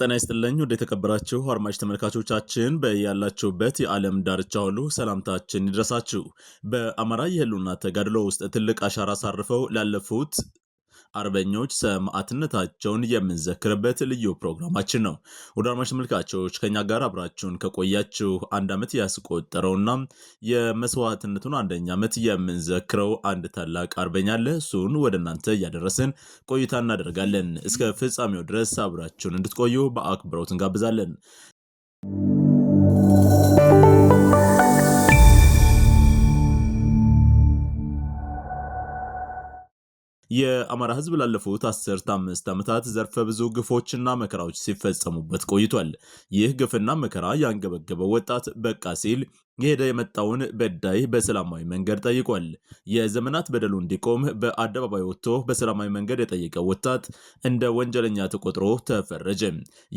ሰላም ጤና ይስጥልኝ። ወደ የተከበራችሁ አድማጭ ተመልካቾቻችን በያላችሁበት የዓለም ዳርቻ ሁሉ ሰላምታችን ይድረሳችሁ። በአማራ የህልውና ተጋድሎ ውስጥ ትልቅ አሻራ አሳርፈው ላለፉት አርበኞች ሰማዕትነታቸውን የምንዘክርበት ልዩ ፕሮግራማችን ነው። ወደ አድማጭ ተመልካቾች ከኛ ጋር አብራችሁን ከቆያችሁ አንድ ዓመት ያስቆጠረውና የመስዋዕትነቱን አንደኛ ዓመት የምንዘክረው አንድ ታላቅ አርበኛ አለ። እሱን ወደ እናንተ እያደረስን ቆይታ እናደርጋለን። እስከ ፍጻሜው ድረስ አብራችሁን እንድትቆዩ በአክብሮት እንጋብዛለን። የአማራ ህዝብ ላለፉት አስርት አምስት ዓመታት ዘርፈ ብዙ ግፎችና መከራዎች ሲፈጸሙበት ቆይቷል። ይህ ግፍና መከራ ያንገበገበው ወጣት በቃ ሲል የሄደ የመጣውን በዳይ በሰላማዊ መንገድ ጠይቋል። የዘመናት በደሉ እንዲቆም በአደባባይ ወጥቶ በሰላማዊ መንገድ የጠየቀው ወጣት እንደ ወንጀለኛ ተቆጥሮ ተፈረጀ።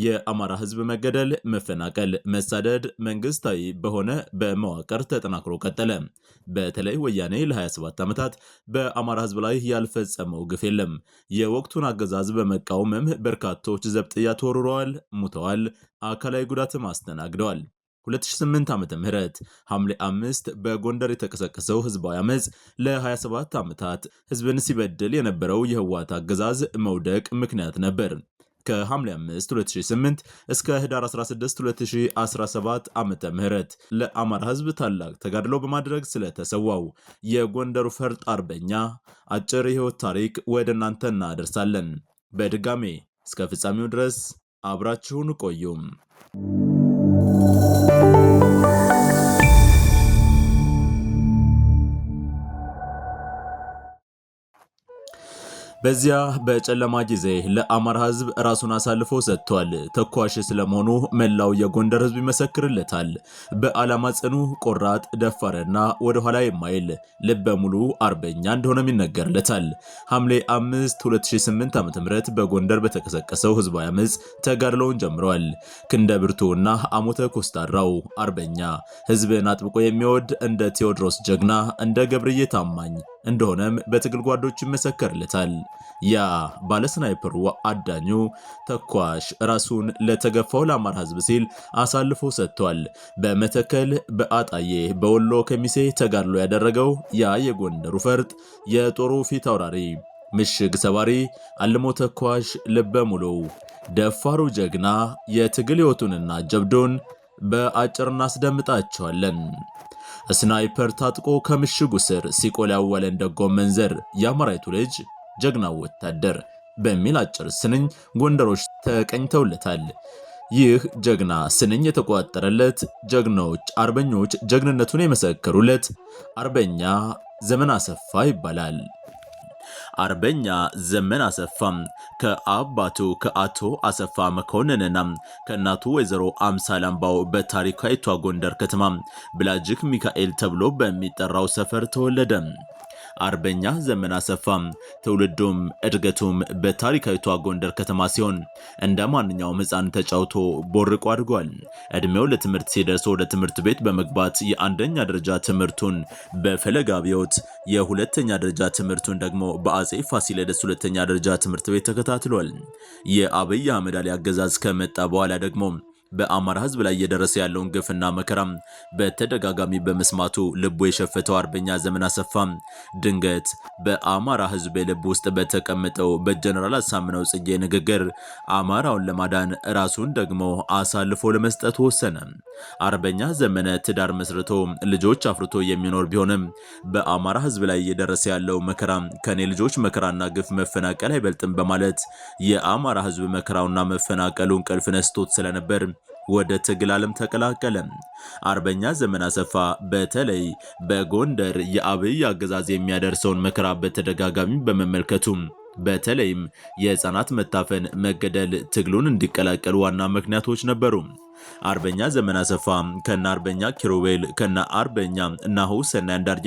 የአማራ ሕዝብ መገደል፣ መፈናቀል፣ መሳደድ መንግስታዊ በሆነ በመዋቅር ተጠናክሮ ቀጠለ። በተለይ ወያኔ ለ27 ዓመታት በአማራ ሕዝብ ላይ ያልፈጸመው ግፍ የለም። የወቅቱን አገዛዝ በመቃወምም በርካቶች ዘብጥያ ተወርረዋል፣ ሙተዋል፣ አካላዊ ጉዳትም አስተናግደዋል። 2008 ዓመተ ምህረት ሐምሌ 5 በጎንደር የተቀሰቀሰው ህዝባዊ አመፅ ለ27 ዓመታት ህዝብን ሲበድል የነበረው የህወሓት አገዛዝ መውደቅ ምክንያት ነበር። ከሐምሌ 5 2008 እስከ ህዳር 16 2017 ዓመተ ምህረት ለአማራ ህዝብ ታላቅ ተጋድሎ በማድረግ ስለተሰዋው የጎንደሩ ፈርጥ አርበኛ አጭር የህይወት ታሪክ ወደ እናንተ እናደርሳለን። በድጋሜ እስከ ፍጻሜው ድረስ አብራችሁን ቆዩም። Música በዚያ በጨለማ ጊዜ ለአማራ ህዝብ ራሱን አሳልፎ ሰጥቷል። ተኳሽ ስለመሆኑ መላው የጎንደር ህዝብ ይመሰክርለታል። በዓላማ ጽኑ፣ ቆራጥ፣ ደፋርና ወደኋላ የማይል ልበ ሙሉ አርበኛ እንደሆነም ይነገርለታል። ሐምሌ 5 2008 ዓ ም በጎንደር በተቀሰቀሰው ህዝባዊ አመፅ ተጋድለውን ጀምረዋል። ክንደ ብርቱና አሞተ ኮስታራው አርበኛ፣ ህዝብን አጥብቆ የሚወድ እንደ ቴዎድሮስ ጀግና፣ እንደ ገብርዬ ታማኝ እንደሆነም በትግል ጓዶች ይመሰከርለታል። ያ ባለ ስናይፐሩ አዳኙ ተኳሽ ራሱን ለተገፋው ለአማራ ህዝብ ሲል አሳልፎ ሰጥቷል። በመተከል በአጣዬ በወሎ ከሚሴ ተጋድሎ ያደረገው ያ የጎንደሩ ፈርጥ የጦሩ ፊት አውራሪ ምሽግ ሰባሪ አልሞ ተኳሽ ልበ ሙሉ ደፋሩ ጀግና የትግል ሕይወቱንና ጀብዶን በአጭር እናስደምጣቸዋለን። ስናይፐር ታጥቆ ከምሽጉ ስር ሲቆላወለ ያወለን ደጎ መንዘር የአማራይቱ ልጅ ጀግናው ወታደር በሚል አጭር ስንኝ ጎንደሮች ተቀኝተውለታል። ይህ ጀግና ስንኝ የተቆጣጠረለት ጀግናዎች አርበኞች ጀግንነቱን የመሰከሩለት አርበኛ ዘመን አሰፋ ይባላል። አርበኛ ዘመን አሰፋም ከአባቱ ከአቶ አሰፋ መኮንንና ከእናቱ ወይዘሮ አምሳል አምባው በታሪካዊቷ ጎንደር ከተማ ብላጅክ ሚካኤል ተብሎ በሚጠራው ሰፈር ተወለደ። አርበኛ ዘመን አሰፋ ትውልዱም እድገቱም በታሪካዊቷ ጎንደር ከተማ ሲሆን እንደ ማንኛውም ህፃን ተጫውቶ ቦርቆ አድጓል። እድሜው ለትምህርት ሲደርስ ወደ ትምህርት ቤት በመግባት የአንደኛ ደረጃ ትምህርቱን በፈለጋ አብዮት፣ የሁለተኛ ደረጃ ትምህርቱን ደግሞ በአጼ ፋሲለደስ ሁለተኛ ደረጃ ትምህርት ቤት ተከታትሏል። የአብይ አህመድ አሊ አገዛዝ ከመጣ በኋላ ደግሞ በአማራ ህዝብ ላይ እየደረሰ ያለውን ግፍና መከራም በተደጋጋሚ በመስማቱ ልቡ የሸፈተው አርበኛ ዘመን አሰፋ ድንገት በአማራ ህዝብ የልብ ውስጥ በተቀመጠው በጀነራል አሳምነው ጽጌ ንግግር አማራውን ለማዳን ራሱን ደግሞ አሳልፎ ለመስጠት ወሰነ። አርበኛ ዘመነ ትዳር መስርቶ ልጆች አፍርቶ የሚኖር ቢሆንም በአማራ ህዝብ ላይ እየደረሰ ያለው መከራ ከኔ ልጆች መከራና ግፍ መፈናቀል አይበልጥም በማለት የአማራ ህዝብ መከራውና መፈናቀሉ እንቅልፍ ነስቶት ስለነበር ወደ ትግል ዓለም ተቀላቀለ። አርበኛ ዘመን አሰፋ በተለይ በጎንደር የአብይ አገዛዝ የሚያደርሰውን መከራ በተደጋጋሚ በመመልከቱ በተለይም የህፃናት መታፈን፣ መገደል ትግሉን እንዲቀላቀል ዋና ምክንያቶች ነበሩ። አርበኛ ዘመን አሰፋ ከነ አርበኛ ኪሮቤል ከነ አርበኛ ናሁ ሰናይ አንዳርጌ፣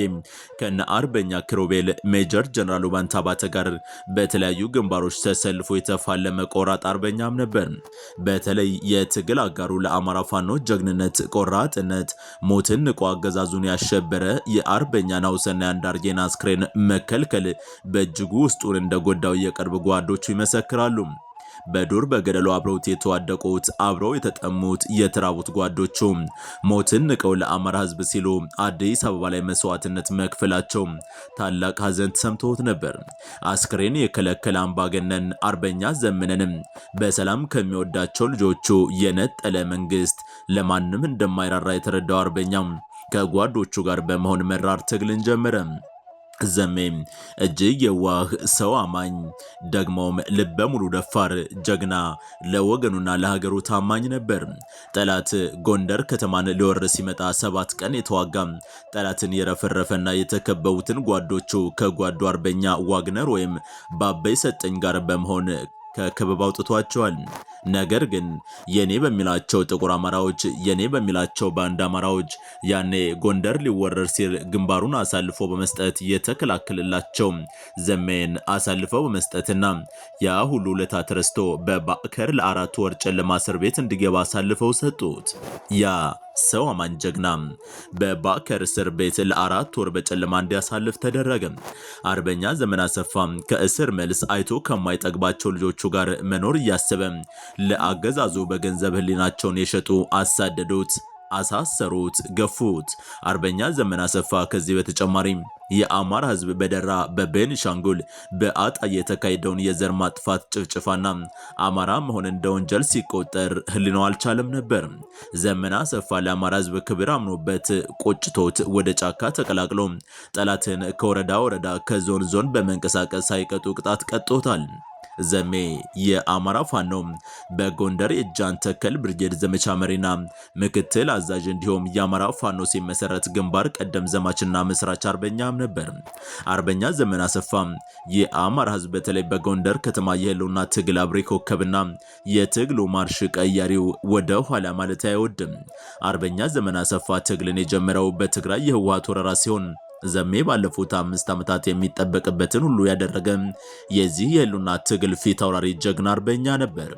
ከነ አርበኛ ኪሮቤል ሜጀር ጀነራል ባንታ ባተ ጋር በተለያዩ ግንባሮች ተሰልፎ የተፋለመ ቆራጥ አርበኛም ነበር። በተለይ የትግል አጋሩ ለአማራ ፋኖ ጀግንነት፣ ቆራጥነት፣ ሞትን ንቆ አገዛዙን ያሸበረ የአርበኛ ናሁ ሰናይ አንዳርጌን አስክሬን መከልከል በእጅጉ ውስጡን እንደጎዳው የቅርብ ጓዶቹ ይመሰክራሉ። በዱር በገደሉ አብረውት የተዋደቁት አብረው የተጠሙት የተራቡት ጓዶቹ ሞትን ንቀው ለአማራ ህዝብ ሲሉ አዲስ አበባ ላይ መስዋዕትነት መክፈላቸው ታላቅ ሀዘን ተሰምቶት ነበር። አስክሬን የከለከለ አምባገነን አርበኛ ዘመነንም በሰላም ከሚወዳቸው ልጆቹ የነጠለ መንግስት ለማንም እንደማይራራ የተረዳው አርበኛ ከጓዶቹ ጋር በመሆን መራር ትግልን ጀመረ። ዘሜ እጅግ የዋህ ሰው አማኝ ደግሞም ልበ ሙሉ ደፋር ጀግና ለወገኑና ለሀገሩ ታማኝ ነበር። ጠላት ጎንደር ከተማን ሊወር ሲመጣ ሰባት ቀን የተዋጋ ጠላትን የረፈረፈና የተከበቡትን ጓዶቹ ከጓዶ አርበኛ ዋግነር ወይም ባበይ ሰጠኝ ጋር በመሆን ከክበብ አውጥቷቸዋል። ነገር ግን የኔ በሚላቸው ጥቁር አማራዎች፣ የኔ በሚላቸው ባንድ አማራዎች ያኔ ጎንደር ሊወረር ሲል ግንባሩን አሳልፎ በመስጠት የተከላከለላቸው ዘመን አሳልፈው በመስጠትና ያ ሁሉ ውለታ ተረስቶ በባከር ለአራት ወር ጨለማ እስር ቤት እንዲገባ አሳልፈው ሰጡት። ያ ሰው አማን ጀግና በባከር እስር ቤት ለአራት ወር በጨለማ እንዲያሳልፍ ተደረገ። አርበኛ ዘመን አሰፋ ከእስር መልስ አይቶ ከማይጠግባቸው ልጆቹ ጋር መኖር እያሰበ ለአገዛዙ በገንዘብ ህሊናቸውን የሸጡ አሳደዱት። አሳሰሩት፣ ገፉት። አርበኛ ዘመን አሰፋ ከዚህ በተጨማሪም የአማራ ህዝብ በደራ በቤንሻንጉል በአጣ የተካሄደውን የዘር ማጥፋት ጭፍጭፋና አማራ መሆን እንደ ወንጀል ሲቆጠር ህሊናው አልቻለም ነበር። ዘመና አሰፋ ለአማራ ህዝብ ክብር አምኖበት ቆጭቶት ወደ ጫካ ተቀላቅሎ ጠላትን ከወረዳ ወረዳ ከዞን ዞን በመንቀሳቀስ ሳይቀጡ ቅጣት ቀጦታል። ዘሜ የአማራ ፋኖ በጎንደር የእጃን ተከል ብርጌድ ዘመቻ መሪና ምክትል አዛዥ እንዲሁም የአማራ ፋኖ ሲመሰረት ግንባር ቀደም ዘማችና መስራች አርበኛም ነበር። አርበኛ ዘመን አሰፋ የአማራ ህዝብ በተለይ በጎንደር ከተማ የህልውና ትግል አብሬ ኮከብና የትግሉ ማርሽ ቀያሪው ወደ ኋላ ማለት አይወድም። አርበኛ ዘመን አሰፋ ትግልን የጀመረው በትግራይ የህወሀት ወረራ ሲሆን ዘሜ ባለፉት አምስት ዓመታት የሚጠበቅበትን ሁሉ ያደረገ የዚህ የህሉና ትግል ፊት አውራሪ ጀግና አርበኛ ነበር።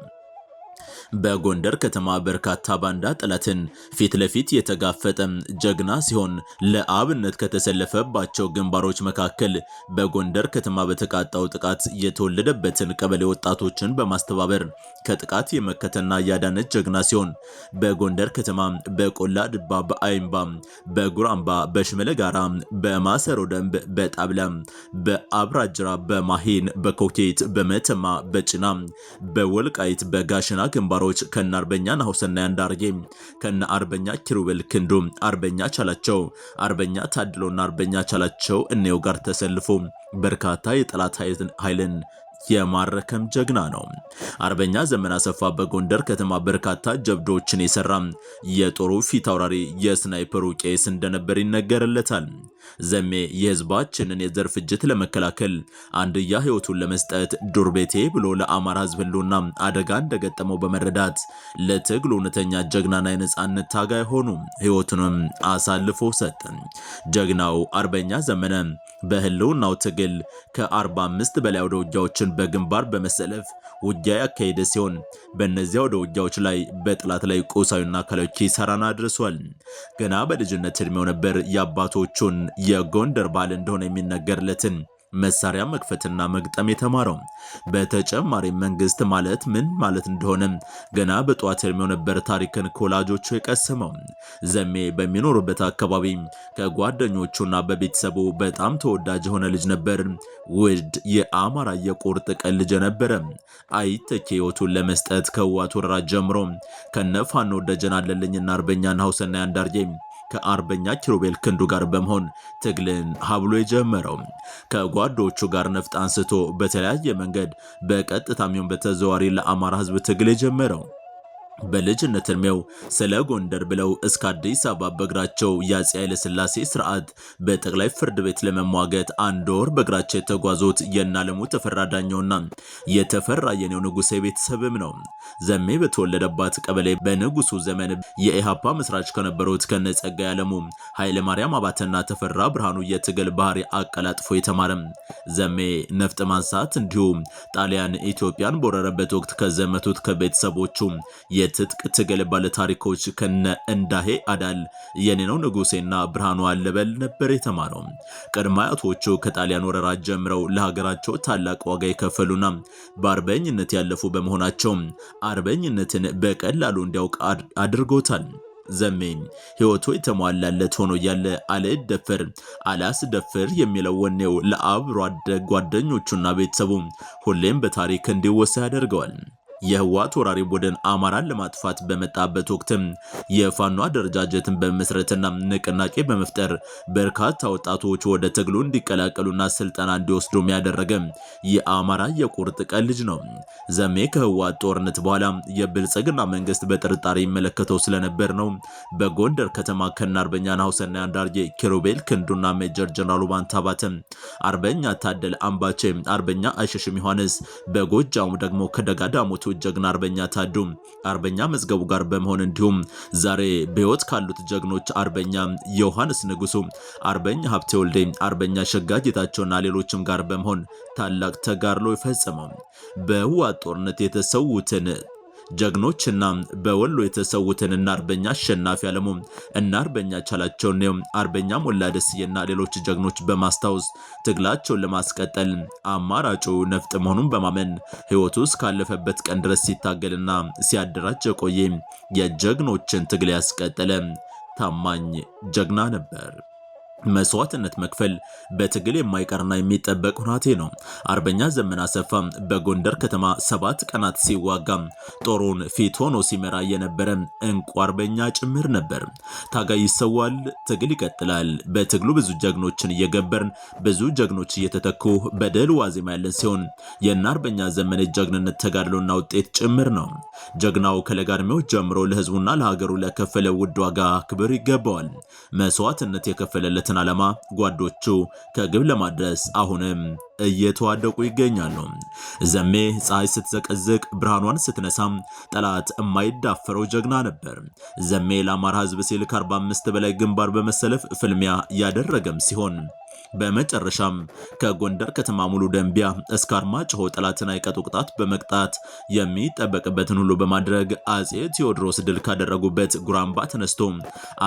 በጎንደር ከተማ በርካታ ባንዳ ጠላትን ፊት ለፊት የተጋፈጠ ጀግና ሲሆን ለአብነት ከተሰለፈባቸው ግንባሮች መካከል በጎንደር ከተማ በተቃጣው ጥቃት የተወለደበትን ቀበሌ ወጣቶችን በማስተባበር ከጥቃት የመከተና ያዳነች ጀግና ሲሆን በጎንደር ከተማ በቆላ ድባ፣ በአይምባ፣ በጉራምባ፣ በሽመለ ጋራ፣ በማሰሮ ደንብ፣ በጣብላ፣ በአብራጅራ፣ በማሄን በኮኬት፣ በመተማ፣ በጭና፣ በወልቃይት፣ በጋሽና ግንባር ግንባሮች ከነ አርበኛ ናሁሰና ያንዳርጌ ከነ አርበኛ ኪሩቤል ክንዱ፣ አርበኛ ቻላቸው፣ አርበኛ ታድሎና አርበኛ ቻላቸው እነየው ጋር ተሰልፎ በርካታ የጠላት ኃይልን የማረከም ጀግና ነው። አርበኛ ዘመን አሰፋ በጎንደር ከተማ በርካታ ጀብዶችን የሰራ የጦሩ ፊት አውራሪ የስናይፐሩ ቄስ እንደነበር ይነገርለታል። ዘሜ የህዝባችንን የዘር ፍጅት ለመከላከል አንድያ ህይወቱን ለመስጠት ዱር ቤቴ ብሎ ለአማራ ህዝብ ህልውና አደጋ እንደገጠመው በመረዳት ለትግሉ እውነተኛ ጀግናና የነጻነት ታጋይ ሆኑ። ህይወቱንም አሳልፎ ሰጠ። ጀግናው አርበኛ ዘመነ በህልውናው ትግል ከ45 በላይ ወደ ውጊያዎችን በግንባር በመሰለፍ ውጊያ ያካሄደ ሲሆን በእነዚያ ወደ ውጊያዎች ላይ በጥላት ላይ ቁሳዊና አካላዊ ኪሳራን አድርሷል። ገና በልጅነት እድሜው ነበር የአባቶቹን የጎንደር ባል እንደሆነ የሚነገርለትን መሳሪያ መክፈትና መግጠም የተማረው። በተጨማሪ መንግስት ማለት ምን ማለት እንደሆነ ገና በጠዋት እድሜው ነበር ታሪክን ከወላጆቹ የቀሰመው። ዘሜ በሚኖርበት አካባቢ ከጓደኞቹና በቤተሰቡ በጣም ተወዳጅ የሆነ ልጅ ነበር። ውድ የአማራ የቁርጥ ቀን ልጅ ነበረ። አይተኬ ህይወቱን ለመስጠት ከዋት ወረራ ጀምሮ ከነፋኖ ደጀን አለልኝና አርበኛን ናሁሰናይ አንዳርጌ ከአርበኛ ኪሮቤል ክንዱ ጋር በመሆን ትግልን ሀብሎ የጀመረው ከጓዶቹ ጋር ነፍጥ አንስቶ በተለያየ መንገድ በቀጥታም ይሁን በተዘዋዋሪ ለአማራ ህዝብ ትግል የጀመረው በልጅነት እድሜው ስለ ጎንደር ብለው እስከ አዲስ አበባ በእግራቸው የአፄ ኃይለሥላሴ ስርዓት በጠቅላይ ፍርድ ቤት ለመሟገት አንድ ወር በእግራቸው የተጓዙት የናለሙ ተፈራ ዳኘውና የተፈራ የኔው ንጉሴ ቤተሰብም ነው። ዘሜ በተወለደባት ቀበሌ በንጉሱ ዘመን የኢሃፓ መስራች ከነበሩት ከነጸጋ ያለሙ ኃይለ ማርያም አባተና ተፈራ ብርሃኑ የትግል ባህሪ አቀላጥፎ የተማረም ዘሜ ነፍጥ ማንሳት እንዲሁም ጣሊያን ኢትዮጵያን በወረረበት ወቅት ከዘመቱት ከቤተሰቦቹ የትጥቅ ትግል ባለታሪኮች ከነ እንዳሄ አዳል፣ የኔነው ንጉሴና ብርሃኑ አለበል ነበር የተማረው። ቅድመ አያቶቹ ከጣሊያን ወረራ ጀምረው ለሀገራቸው ታላቅ ዋጋ የከፈሉና በአርበኝነት ያለፉ በመሆናቸው አርበኝነትን በቀላሉ እንዲያውቅ አድርጎታል። ዘሜ ህይወቱ የተሟላለት ሆኖ እያለ አልደፈር አላስደፍር የሚለው ወኔው ለአብሮ አደግ ጓደኞቹና ቤተሰቡ ሁሌም በታሪክ እንዲወሳ ያደርገዋል። የህወሓት ወራሪ ቡድን አማራን ለማጥፋት በመጣበት ወቅትም የፋኖ አደረጃጀትን በመስረትና ንቅናቄ በመፍጠር በርካታ ወጣቶች ወደ ትግሉ እንዲቀላቀሉና ስልጠና እንዲወስዱ ያደረገ የአማራ የቁርጥ ቀን ልጅ ነው። ዘሜ ከህወሓት ጦርነት በኋላ የብልጽግና መንግስት በጥርጣሬ ይመለከተው ስለነበር ነው በጎንደር ከተማ ከነ አርበኛ ናሁሰና አንዳርጌ ኪሩቤል ክንዱና ሜጀር ጀነራሉ ባንታባተ፣ አርበኛ ታደለ አምባቼ፣ አርበኛ አይሸሽም ዮሐንስ በጎጃሙ ደግሞ ከደጋዳሞቱ ጀግና አርበኛ ታዱ አርበኛ መዝገቡ ጋር በመሆን እንዲሁም ዛሬ በህይወት ካሉት ጀግኖች አርበኛ ዮሐንስ ንጉሱ፣ አርበኛ ሀብቴ ወልዴ፣ አርበኛ ሸጋ ጌታቸውና ሌሎችም ጋር በመሆን ታላቅ ተጋድሎ ይፈጸመው በህወሓት ጦርነት የተሰዉትን ጀግኖችና በወሎ እና አርበኛ አሸናፊ አለሙ እና አርበኛ ቻላቸው አርበኛ ሞላ ደስዬና ሌሎች ጀግኖች በማስታወስ ትግላቸውን ለማስቀጠል አማራጩ ነፍጥ መሆኑን በማመን ህይወቱ እስካለፈበት ቀን ድረስ ሲታገልና ሲያደራጅ የቆየ የጀግኖችን ትግል ያስቀጠለ ታማኝ ጀግና ነበር። መስዋዕትነት መክፈል በትግል የማይቀርና የሚጠበቅ ሁናቴ ነው። አርበኛ ዘመን አሰፋ በጎንደር ከተማ ሰባት ቀናት ሲዋጋ ጦሩን ፊት ሆኖ ሲመራ የነበረ እንቁ አርበኛ ጭምር ነበር። ታጋይ ይሰዋል፣ ትግል ይቀጥላል። በትግሉ ብዙ ጀግኖችን እየገበርን ብዙ ጀግኖች እየተተኩ በድል ዋዜማ ያለን ሲሆን የእነ አርበኛ ዘመን ጀግንነት ተጋድሎና ውጤት ጭምር ነው። ጀግናው ከለጋ ጀምሮ ለህዝቡና ለሀገሩ ለከፈለ ውድ ዋጋ ክብር ይገባዋል። መስዋዕትነት የከፈለለት ያቀዱለትን ዓላማ ጓዶቹ ከግብ ለማድረስ አሁንም እየተዋደቁ ይገኛሉ። ዘሜ ፀሐይ ስትዘቀዝቅ ብርሃኗን ስትነሳም ጠላት የማይዳፈረው ጀግና ነበር። ዘሜ ለአማራ ህዝብ ሲል ከ45 በላይ ግንባር በመሰለፍ ፍልሚያ ያደረገም ሲሆን በመጨረሻም ከጎንደር ከተማ ሙሉ ደንቢያ እስከ አርማጭሆ ጠላትን አይቀጡ ቅጣት በመቅጣት የሚጠበቅበትን ሁሉ በማድረግ አጼ ቴዎድሮስ ድል ካደረጉበት ጉራምባ ተነስቶ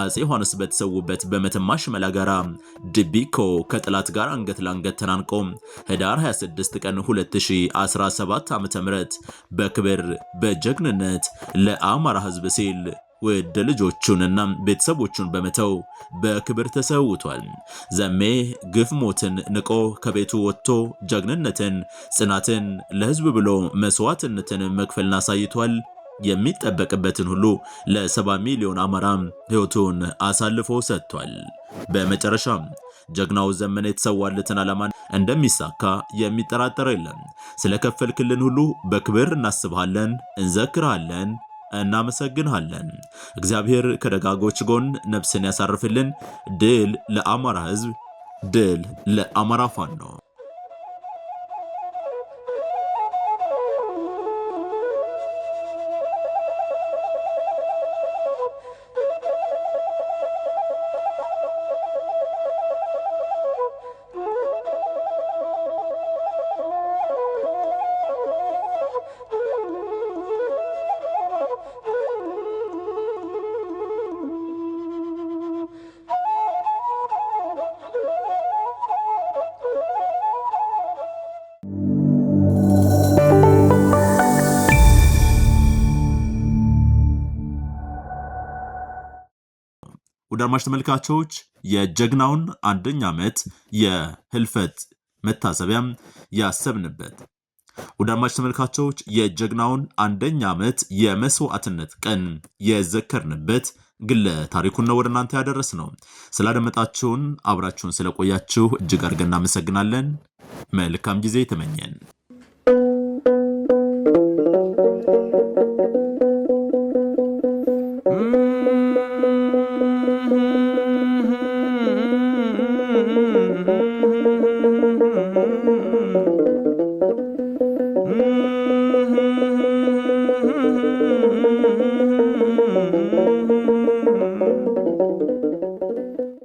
አጼ ዮሐንስ በተሰዉበት በመተማ ሽመላ ጋራ ድቢኮ ከጠላት ጋር አንገት ለአንገት ተናንቆ ህዳር 26 ቀን 2017 ዓ.ም በክብር በጀግንነት ለአማራ ህዝብ ሲል ውድ ልጆቹንና ቤተሰቦቹን በመተው በክብር ተሰውቷል። ዘሜ ግፍ ሞትን ንቆ ከቤቱ ወጥቶ ጀግንነትን፣ ጽናትን ለህዝብ ብሎ መስዋዕትነትን መክፈልን አሳይቷል። የሚጠበቅበትን ሁሉ ለሰባ ሚሊዮን አማራ ህይወቱን አሳልፎ ሰጥቷል። በመጨረሻም ጀግናው ዘመነ የተሰዋለትን ዓላማ እንደሚሳካ የሚጠራጠር የለም። ስለ ከፈልክልን ሁሉ በክብር እናስብሃለን፣ እንዘክርሃለን እናመሰግንሃለን። እግዚአብሔር ከደጋጎች ጎን ነፍስን ያሳርፍልን። ድል ለአማራ ህዝብ ድል ለአማራ ፋኖ ነው። ወደ አድማጭ ተመልካቾች የጀግናውን አንደኛ ዓመት የህልፈት መታሰቢያም ያሰብንበት ወደ አድማጭ ተመልካቾች የጀግናውን አንደኛ ዓመት የመስዋዕትነት ቀን የዘከርንበት ግለ ታሪኩን ነው ወደ እናንተ ያደረስ ነው። ስላደመጣችሁን አብራችሁን ስለቆያችሁ እጅግ አድርገን እናመሰግናለን። መልካም ጊዜ ተመኘን።